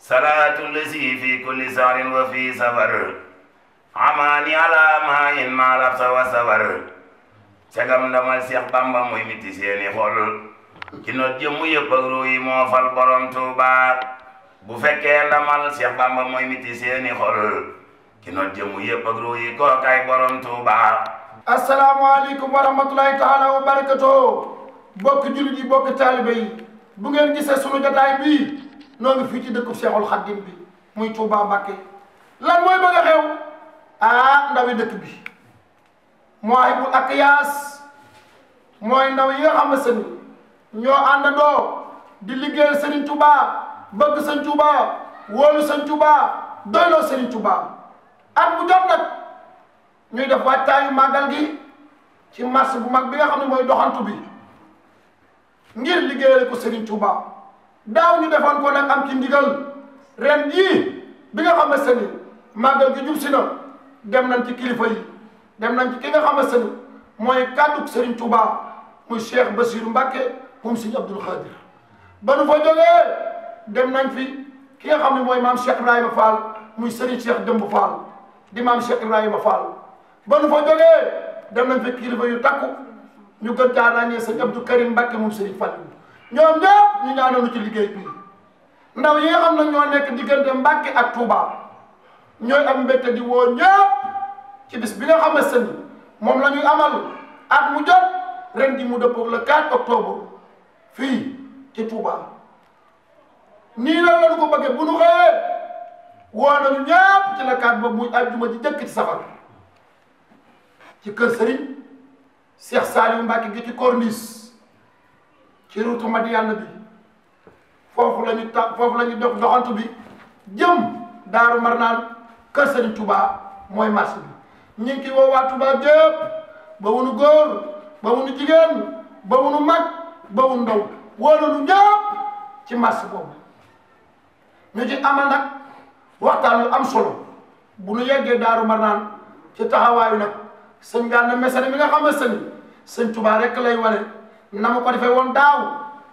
salaatu lesi fi kulli saarin wa fi safar amaani ala maa in maa labsa wa safar sagam Bamba muy miti seeni xol ci noot jëmmu yëpp ak moo fal borom Tuuba bu fekkee ndamal Seex Bamba muy miti seeni xol ci noot jëmmu yëpp ak kookaay borom Tuuba asalaamaaleykum wa rahmatulahi taala wa barakatoo bokk jullit yi bokk taalibe yi bu ngeen gisee sunu noo fii ci dëkku Seexul Xaddim bi muy Touba Mbakke lan mooy bëgg a xew ah ndawi dëkk bi mooy bu ak mooy ndaw yi nga xam ne ñoo ànd àndandoo di liggéeyal Sëriñ Touba bëgg Sëñ Touba wóolu Sëñ Touba doyloo Sëriñ Touba at bu jot ñuy def waajtaayu màggal gi ci marché bu mag bi nga xam ne mooy doxantu bi ngir liggéeyal ko Sëriñ Touba. daaw ñu defoon ko na am ci ndigal ren yii bi nga xam ne seni màggal gi jub si dem nañ ci kilifa yi dem nañ ki nga xam ne seni mooy kàddug Serigne Touba muy Cheikh Bassirou Mbacké moom ba nu fa dem nañ fi ki nga xam ne mooy maam Cheikh Ibrahima Fall muy Serigne Cheikh Dëmb Fall di maam Cheikh Ibrahima Fall ba nu fa jógee dem nañ fi kilifa yu takku ñu gën caa ràññee Serigne Abdou Karim Mbacké moom Serigne Fall ñoom ñëpp ñu ñaanoonu ci liggéey bi ndaw yi nga xam ne ñoo nekk diggante Mbàkke ak Touba ñooy am mbégte di woo ñëpp ci bis bi nga xamante ni moom la amal at mu jot ren di mu dëppoog le 4 octobre fii ci Touba. nii la lañu ko bëggee bu nu xëyee woo nañu ñëpp ci la 4 boobu muy àjjuma ji jëkk ci safar ci kër Serigne Cheikh Saliou Mbacke gi ci corniche. ci ruutu mat yàlla bi foofu la ñu ta foofu la ñu dox bi jëm daaru marnaan kër sëñ Touba mooy marché bi ñu ngi ciy woo waa Touba yëpp ba wunu góor ba wunu jigéen ba wunu mag ba wunu ndaw wóolu ñëpp ci marché boobu ñu ci amal nag waxtaan yu am solo bu nu yeggee daaru marnaan ci taxawaayu nag sëñ Gana Messere mi nga xam ne sëñ sëñ Touba lay wane. na ma ko defee woon daaw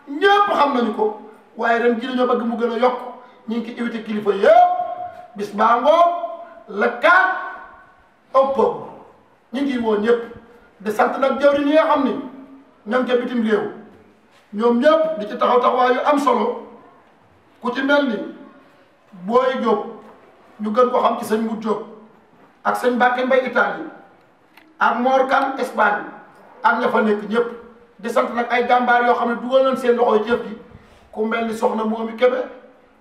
ñëpp xam nañu ko waaye ren ji dañoo bëgg mu gën a yokk ñu ngi ci invité kilifa yëpp bis baa ngoo le 4 octobre ñu ngi woo ñëpp di sant nag yi nga xam ni ñoo ngi bitim réew ñoom ñëpp di ci taxaw taxawaay am solo ku ci mel ni booy Jóob ñu gën ko xam ci sëñ Mbu Jóob ak sëñ Mbàkke Mbay Italie ak Mor Kan Espagne ak ña fa nekk ñëpp di sant nag ay gàmbaar yoo xam ne dugal nañ seen loxo jëf ji ku mel ni soxna Momy Kébé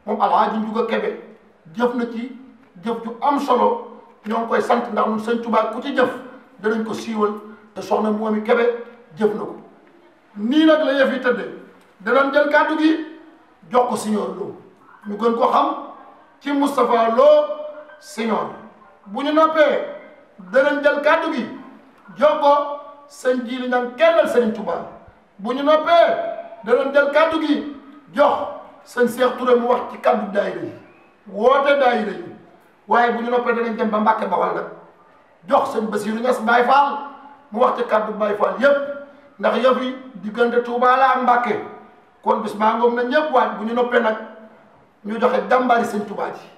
moom alxaaji Njuga Kébé jëf na ci jëf ju am solo ñoo koy sant ndax ñun sëñ Tuubaa ku ci jëf danañ ko siiwal te soxna Momy Kébé jëf na ko nii nag la yëf yi tëddee danañ jël kàddu gi jox ko siñoor Lo ñu gën ko xam ci Moustapha Lo siñoor bu ñu noppee danañ jël kàddu gi jox sëñ ji li naan kennal sëñ Touba bu ñu noppee danañ jël kàddu gi jox sëñ Cheikh Touré mu wax ci kàddu daayira woo woote daayira yi waaye bu ñu noppee danañ dem ba Mbàkke Bawal nag jox sëñ Bassirou Niass Baye Fall mu wax ci kàddu Baye Fall yépp ndax yëf diggante Touba laa Mbàkke kon bis maa ngoom na ñëpp waaj bu ñu noppee nag ñu joxe jàmbaari sëñ Touba ji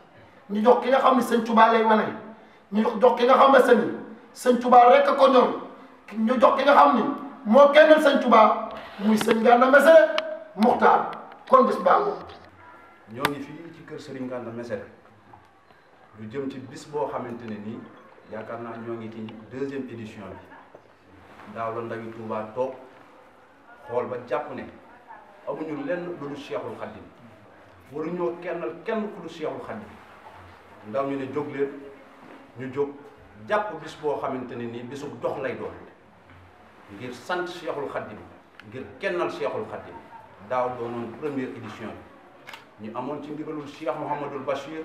ñu jox ki nga xam ne sëñ Touba lay wane ñu jox ki nga xam ne sëñ sëñ Touba ko ñoom ñu jox ki nga xam ni moo kenn sëñ Tuubaa muy sëñ Gana Messere Muxtaar kon bis baagu ñoo ngi fii ci kër sëriñ Gana Messere lu jëm ci bis boo xamante ne nii yaakaar naa ñoo ngi ci deuxième édition bi daaw la ndawi Tuubaa toog xool ba jàpp ne amuñu lenn lu dul Seexul Xadiim waruñoo kennal kenn ku dul Seexul Xadiim ndaw ñu ne jóg leen ñu jóg jàpp bis boo xamante ne nii bisu dox lay doon ngir sant Cheikhul Khadim ngir kennal Cheikhul Khadim daaw doonoon première édition bi ñu amoon ci ndigalul Cheikh Mouhamadul Bachir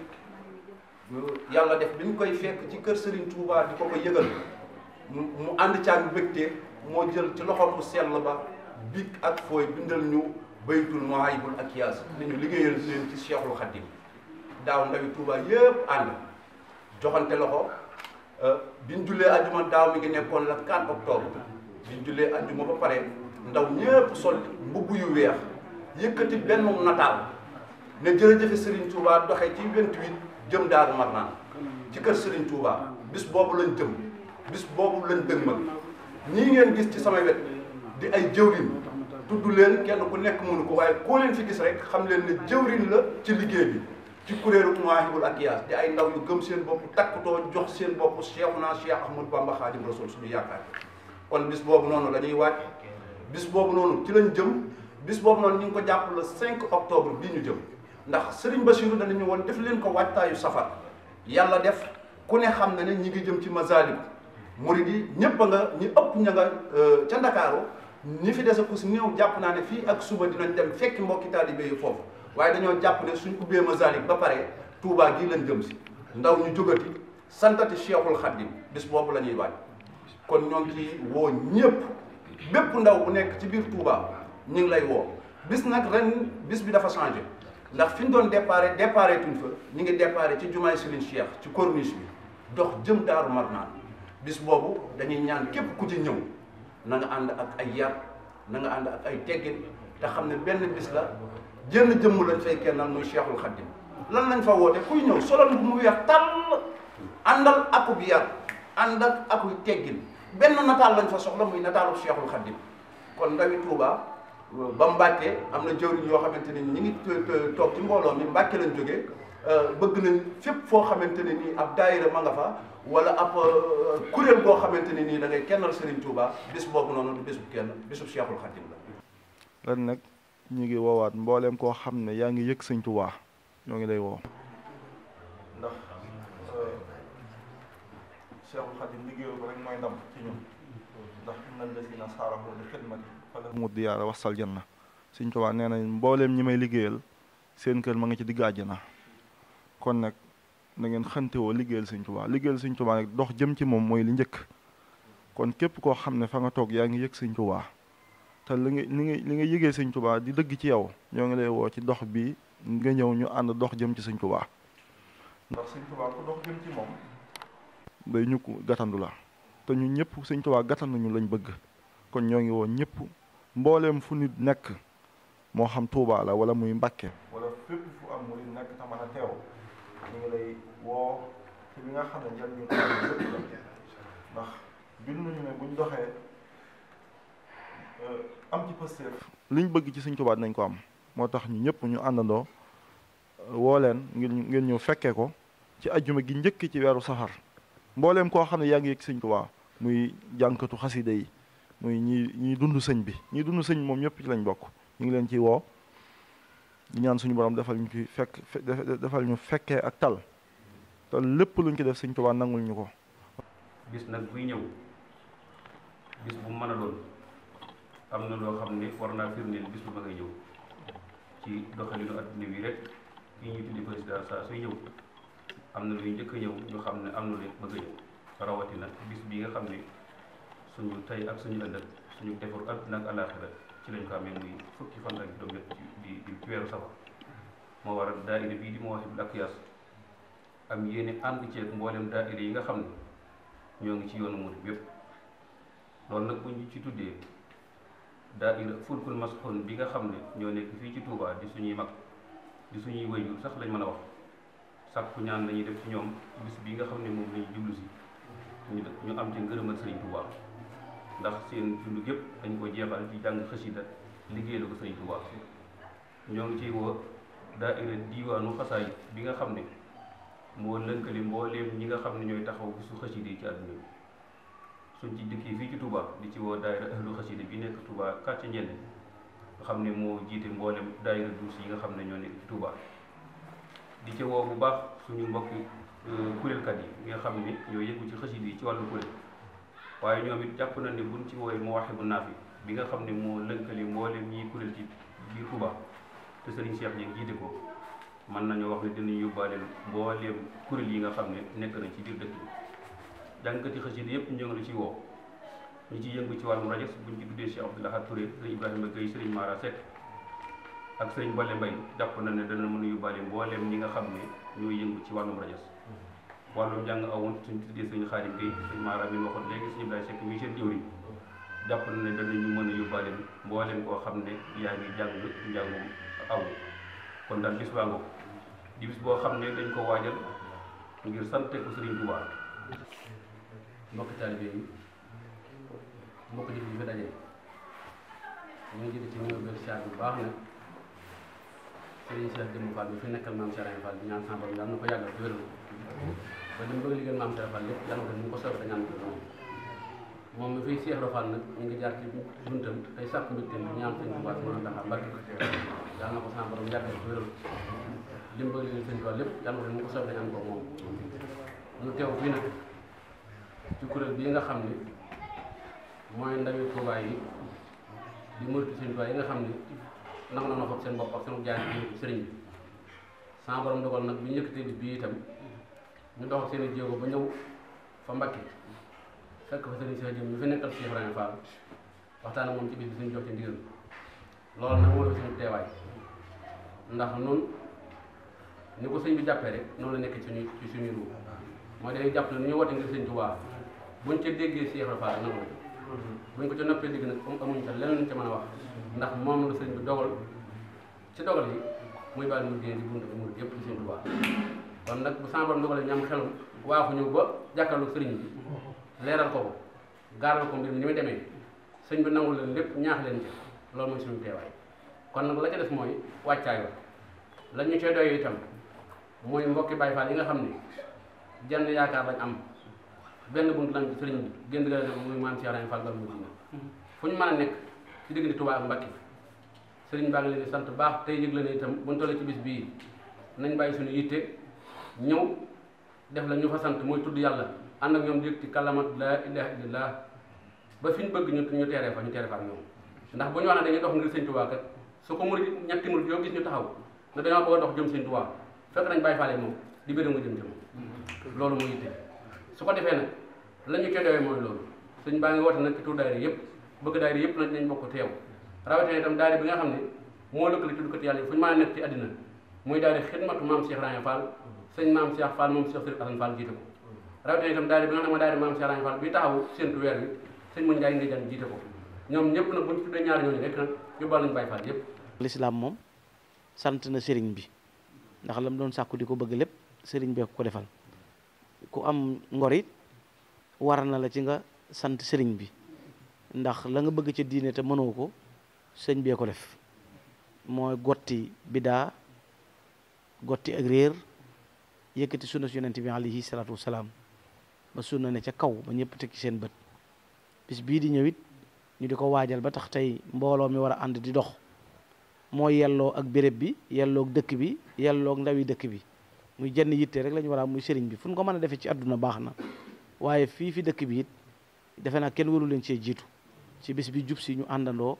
yàlla def bi ñu koy fekk ci kër Serigne Touba di ko ko yëgal mu ànd caag mbégte moo jël ci loxo mu sell ba big ak fooy bindal ñu baytul muhaybul akiyaas ne ñu liggéeyal leen ci Cheikhul Khadim daaw ndawi tuubaa yëpp ànd joxante loxo euh, bi ñu jullee ajuma daaw mi ngi nekkoon la 4 octobre. ñu jullee àjjuma ba pare ndaw ñëpp sol mbubb yu weex yëkkati benn nataal ne jërëjëfe Serigne Touba doxe ci 28 jëm Daaru Marnaan ci kër Serigne Touba bis boobu lañ jëm bis boobu lañ dëgmal ñii ngeen gis ci sama wet di ay jëwriñ tudd leen kenn ku nekk mënu ko waaye koo leen fi gis rek xam leen ne jëwriñ la ci liggéey bi ci kuréelu Mawahibou Akyas di ay ndaw yu gëm seen bopp takkutoo jox seen bopp Cheikhouna Cheikh Ahmadou Bamba Khadim Rasoul suñu yaakaar kon bis boobu noonu la ñuy waaj bis boobu noonu ci lañ jëm bis boobu noonu ñu ngi ko jàpp le 5 octobre bii ñu jëm ndax Serigne Bassirou danañu woon def leen ko waajtaayu safar yàlla def ku ne xam na ne ñi ngi jëm ci Mazaalik murid yi ñëpp nga ñu ëpp ña nga euh, ca Ndakaaru ñi fi des a kus néew jàpp naa ne fii ak suba dinañ dem fekki mbokki taalibe yi foofu waaye dañoo jàpp ne suñ ubbee Mazaalik ba pare Touba gii lañ jëm si ndaw ñu jógati sant Cheikhul Khadim bis boobu la ñuy waaj kon ñoo ngi ciy woo ñëpp bépp ndaw bu nekk ci biir tuubaa ñu ngi lay woo bis nag ren bis bi dafa changé ndax fi ñu doon déparé déparé tuñ fa ñu ngi déparé ci jumaay Serigne Cheikh ci corniche bi dox jëm Daaru Marnaan bis boobu dañuy ñaan képp ku ci ñëw na ànd ak ay yar na nga ànd ak ay teggin te xam ne benn bis la jënn jëmmu lañ fay kennal muy Cheikhul Khadim lan lañ fa woote kuy ñëw solon bu mu weex tàll àndal akub yar ak akuy teggin benn nataal lañ fa soxla muy nataalu Cheikhul Khadim kon ndawi tuubaa ba Mbàkke am na jëwriñ yoo xamante ne ñi ngi toog ci mbooloo mi Mbàkke lañ jógee euh, bëgg nañ fépp foo xamante ne nii ab daayira ma nga fa wala ab euh, kuréel boo xamante ne nii dangay ngay kennal Serigne Touba bis boobu noonu du bis bu kenn bisu Cheikhul Khadim la. ren nag ñu ngi woowaat mbooleem koo xam ne yaa ngi yëg Sëñ Touba ñoo ngi lay woo. Seexul Xadim liggéeyoo ko rek mooy na ci ñun ndax inna allazina saarahu li xidmati falahumu diyaara wasal janna Sëñ Tuubaa nee na mbooleem ñi may liggéeyal seen kër ma nga ci di digg na kon nag na ngeen xantewoo liggéeyal Sëñ Tuubaa liggéeyal Sëñ Tuubaa dox jëm ci moom mooy li njëkk kon képp koo xam ne fa nga toog yaa ngi yëg Sëñ te li nga li nga li nga yëgee Sëñ Tuubaa di dëgg ci yow ñoo ngi lay woo ci dox bi nga ñëw ñu ànd dox jëm ci Sëñ Tuubaa ndax Sëñ Tuubaa ku dox jëm ci moom day ñu gàttandu la te ñu ñëpp Sëñ Tuubaa gàttandu ñu lañ bëgg kon ñoo ngi woon ñëpp mbooleem fu nit nekk moo xam Tuubaa la wala muy Mbàkke wala a teew ñu ngi lay euh, liñ bëgg ci Sëñ Tuubaa nañ ko am moo tax ñu ñëpp ñu àndandoo woo leen ngir ngeen ñëw fekkee ko ci ajjuma gi njëkk ci weeru safar mbooleem koo xam ne yaa ngi yëg sëñ Tuubaa muy jànkatu xasida yi muy ñi ñi dund sëñ bi ñi dund sëñ moom ñëpp ci lañ bokk ñu ngi leen ci woo ñaan suñu borom defal ñu ci fekk defal ñu fekkee ak tal te lépp luñ ci def sëñ Tuubaa nangul ñu ko bis nag buy ñëw bis bu mën a am na loo xam ne war naa firndeel bis bu ngay ñëw ci doxalinu adduna bi rek fii ñuy tudd président saa suy ñëw am na luy njëkk a ñëw ñu xam ne am na luy bëgg a ñëw rawatina bis bi nga xam ne suñu tey ak suñu ëllëg suñu defaru àdduna ak alaaxira ci lañ ko amee muy fukki fan ak juróom-ñett di di weeru moo waral daayira bii di Mawahibou Akyas mboolem daayira yi nga xam ne ñoo ngi ci yoonu murid yépp loolu nag bu ñu ci tuddee daayira fulkul masxoon bi nga xam ne ñoo nekk fii ci Touba di suñuy mag di suñuy wëyul sax lañ mën a wax sàkku ñaan lañu ñuy def ci ñoom bis bi nga xam ne moom la ñu jublu si ñu ñu am ci ngërëmal sëriñ Touba ndax seen jullu yëpp dañ ko jeexal ci jàng xasida liggéey la ko sëriñ Touba ñoo ngi ciy woo daaira diiwaanu xasaay bi nga xam ne moo lënkali mbooleem ñi nga xam ne ñooy taxaw bisu xasida yi ci àdduna bi suñ ci dëkkee fii ci Touba di ci woo daaira ahlu xasida bi nekk tubaa kàcce njënd nga xam ne moo jiite mboolem daaira duus yi nga xam ne ñoo nekk ci Touba di ci woo bu baax suñu mbokki euh, kuréelkat yi nga xam ni ñoo yëngu ci xasida yi ci wàllu kuréel waaye ñoom it jàpp na ni buñ ci woowee bu Nafih bi nga xam ne moo lënkali mboolem ñiy kuréel ci biir Touba te Serigne Cheikh ñi jiite ko mën nañu wax ne dinañ yóbbaale mboolem kuréel yi nga xam ne nekk nañ ci biir dëkk bi jàngkati xasida yëpp ñu la ci woo ñu ci yëngu ci wàllum rajo buñ ci tuddee Cheikh Abdoulaye Touré Serigne Ibrahima Gueye Serigne Mara Seck ak sëriñ Bale Mbaye jàpp na ne dana mën a yóbbaale mbooleem ñi nga xam ne ñooy yëngu ci wàllum rajas wàllum jàng awoon suñ tuddee suñu xaarim Gueye suñu maara bi waxoon léegi suñu Ibrahima Seck mi seen jëwriñ jàpp na ne danañu mën a yóbbaale mbooleem koo xam ne yaa ngi jàng njàngum aw kon daal bis baa ngoog di bis boo xam ne dañ ko waajal ngir sante ko sëriñ Tuubaa mbokk taalibe yi mbokk jëf yi fi daje ñu ngi jël ci nuyoo bi bu baax nag sëriñ Cheikh Jëmm Fall bi fi nekkal maam Cheikh Fall bi ñaan sàmm yàlla na ko yàggal ba li mu bëgg maam Cheikh Fall lépp yàlla na ko ni mu ko soobee fi ñaan ko moom moom mi fiy Cheikh Fall nag ñu ngi jaar ci buntam tey sàkk mbégte bi ñaan sëñ Tuubaa si mën a taxaw mbàkk yàlla na ko mu bëgg liggéeyal nag ci bii nga xam ne mooy ndawi Tuubaa yi di murti sëñ Tuubaa yi nga xam ne nangu na noo seen bopp ak seen jaay bi sëriñ bi sama borom dogal nag bi ñu yëkkatee bis bii itam ñu dox seen i jéego ba ñëw fa Mbàkke fekk fa sëriñ Cheikh Jëm ñu fa nekkal Cheikh waxtaan moom ci bis bi suñu jox ci loolu nag mooy suñu teewaay ndax nun ni ko sëñ bi jàppee rek noonu la nekk ci suñu ci mooy dañuy jàpp ni ñu wote ngir sëñ Tuubaa buñ ca déggee Cheikh Ibrahima Fall nangu buñ ko ca noppee digg na comme amuñ ca leneen luñ ca mën a wax ndax moom la sëriñ bi dogal ci dogal yi muy bàyyi mu génn di bunt ko murid yëpp ci sëriñ Tuubaa kon nag bu sama borom dogalee ñam xelum waaxu ñëw ba jàkkaarloo sëriñ bi leeral ko ko gaaral ko mbir mi ni muy demee sëñ bi nangu leen lépp ñaax leen ci loolu mooy suñu teewaay kon nag la ca def mooy wàccaayo la ñu cay doyee itam mooy mbokki Baay Faal yi nga xam ne jenn yaakaar lañ am benn bunt lañ sëriñ génn gën a def muy maam si yàlla Fall Babou Mouhamed fu ñu mën a nekk ci diggante Touba ak Mbacke sëriñ baa ngi leen sant baax tey yëg la ne itam bu ñu tollee ci bis bii nañ bàyyi suñu yitte ñëw def la ñu fa sant mooy tudd yàlla ànd ak ñoom di ci kalamat la ilaha illallah ba fi bëgg ñu ñu teeree fa ñu teeree fa ak ñoom ndax bu ñu wax ne dañuy dox ngir sëñ Touba su ko murid ñetti mu yoo gis ñu taxaw ne dañoo bëgg a dox jëm sëñ Touba fekk nañ bàyyi faale moom di bëri nga jëm su ko defee nag la ñu koy doyee mooy loolu sëñ baa ngi woote nag ci tur daayira yëpp bëgg daayira yëpp nag nañ bokk teew rawatina itam daayira bi nga xam ne moo lëkkale tuddkat yàlla yi fu ñu mën nekk ci àddina muy daayira xidmatu maam Cheikh Rangé Fall sëñ maam Cheikh Fall moom Cheikh Sëriñ Assane Fall jiite ko rawatina itam daayira bi nga xam ne mooy daayira maam Cheikh Rangé Fall bi weer bi sëñ mën Njaay ngi jan jiite ko ñoom ñëpp nag bu ñu tuddee ñaari ñooñu rek nag yóbbal nañu Baay Fall yëpp lislaam moom sant na sëriñ bi ndax lam doon sàkku di ko bëgg lépp sëriñ bee ko ko defal ku am ngorit war na la ci nga sant sëriñ bi ndax la nga bëgg ci diine te mënoo ko sëñ bee ko def mooy gotti bidaa gotti ak réer yëkkati sunna su yonent bi alayhi salaatu wasalaam ba sunna ne ca kaw ba ñëpp tekki seen bët bis bii di ñëwit ñu di ko waajal ba tax tey mbooloo mi war a ànd di dox mooy yelloo ak béréb bi yelloog dëkk bi yelloog ndawi dëkk bi muy jenn yitte rek la ñu war muy sëriñ bi fu ñu ko mën a defee ci àdduna baax na waaye fii fi dëkk bi it defe naa kenn waru leen cee jiitu ci bis bi jub si ñu àndandoo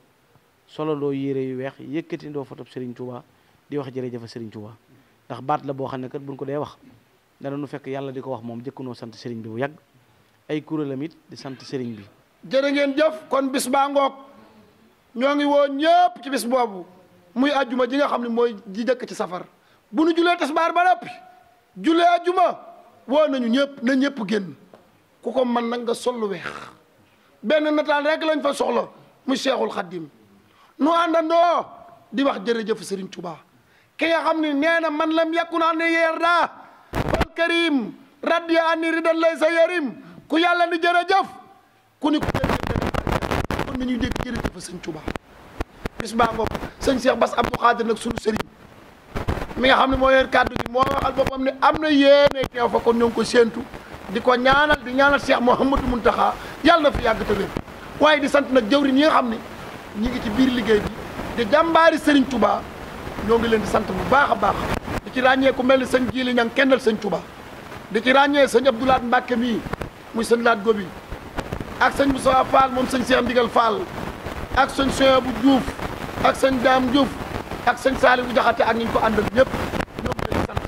solondoo yére yu weex yëkkatindoo fotob sëriñ Touba di wax jërëjëfa sëriñ Touba ndax baat la boo xam ne kat buñ ko dee wax dana nu fekk yàlla di ko wax moom noo sant sëriñ bi bu yàgg ay kuréelam it di sant sëriñ bi jërë ngeen jëf kon bis baa ngoog ñoo ngi woo ñëpp ci bi boobu muy àjjuma ji nga xam ne mooy ji dëkk ci safar julli ajuma woo nañu ñëpp na ñëpp génn ku ko man nag nga sol lu weex benn nataal rek lañ fa soxla mu Cheikhul Khadim nu àndandoo di wax jërëjëf sëriñ Touba ki nga xam ne nee man lam yàkku naa ne yeer daa fal karim radiya anni ridan lay sa yarim ku yàlla ni jërëjëf ku ni ku jërëjëf kon nañuy dégg jërëjëf Serigne Touba bis baa ngoog sëñ Cheikh Bass Abdou Khadir nag sunu sëriñ mi nga xam ne moo yor kàddu gi moo waxal boppam ne am na yéene teew fa kon ñoo ngi ko séentu di ko ñaanal di ñaanal Cheikh Mouhamadou taxa yàlla na fi yàgg te waaye di sant nag jëwriñ yi xam ne ñi ngi ci biir liggéey bi di jàmbaari Serigne Touba ñoo ngi leen di sant bu baax a baax di ci ràññee ku mel ni sëñ Jili ñang kennal sëñ tuba di ci ràññee sëñ Abdoulaat Mbàkke mii muy sëñ Laat Gobi ak sëñ Moussa Fall moom sëñ Cheikh Ndigal Fall ak sëñ Soya bu Diouf ak sëñ Daam Diouf ak sëñ Saliou Diakhaté ak ñu ko àndal ñëpp ñoo ngi leen sant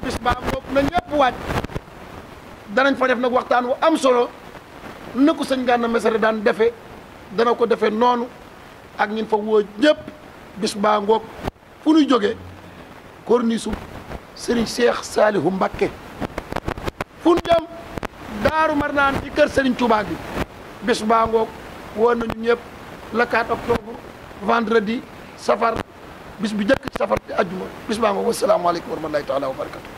bis ba moom na ñëpp waaj danañ fa def nag waxtaan wu am solo na ko sëñ Gana Messere daan defe dana ko defe noonu ak ñin fa woo ñëpp bis baa ngoog fu ñuy jógee kornisu sëriñ Cheikh Saliou Mbacké fu ñu jëm daaru marnaan ci kër sëriñ Touba gi bis baa ngoog woon nañu ñëpp le 4 vendredi safar bis bu njëkk ci safar di àjjuma bis baa ma wasalaamaaleykum wa rahmatulahi taala wa barakatu